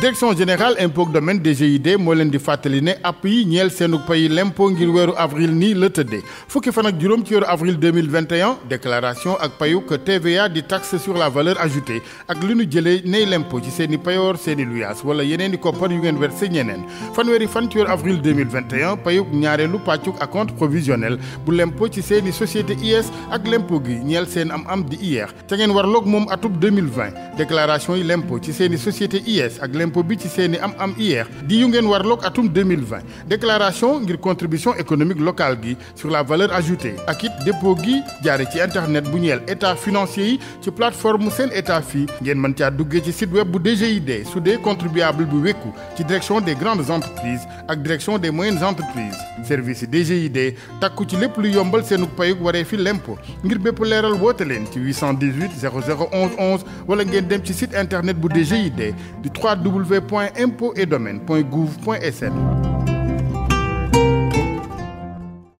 direction générale impôt domaine DGID moo leen di fàttali ne app yi ñeel l'impôt ngir weeru avril ni le teudé fukki fan ak juroom ci weeru avril 2021 déclaration ak payuk TVA di taxe sur la valeur ajoutée ak li nu jëlee ney l'impôt ci seen payor payoor seen luyaas wala ni i koppar yu ngeen wër ci ñenen fan ci weeru avril 2021 payuk ñaareelu ak compte provisionnel bu l'impôt ci seen société IS ak l'impôt gi ñel sen am am di hier te ngeen warloog mom atup 2020 déclaration yi l'impôt ci seen société IS ak impôt bi ci seeni am am hier di yu ngeen atum 2020 déclaration ngir contribution économique locale gi sur la valeur ajoutée akit dépôt gi jaare ci internet bu ñël état financier ci plateforme seen état fi ngeen man caa duggé ci site web bu DGID su contribuables contribuable bu wékku ci direction des grandes entreprises ak direction des moyennes entreprises service DGID takku ci lepp lu yombal senu payug waree fi lempo ngir bépp leeral wote len ci 818 00 11 00111, wala ngeen dem ci site internet bu DGID de 3 et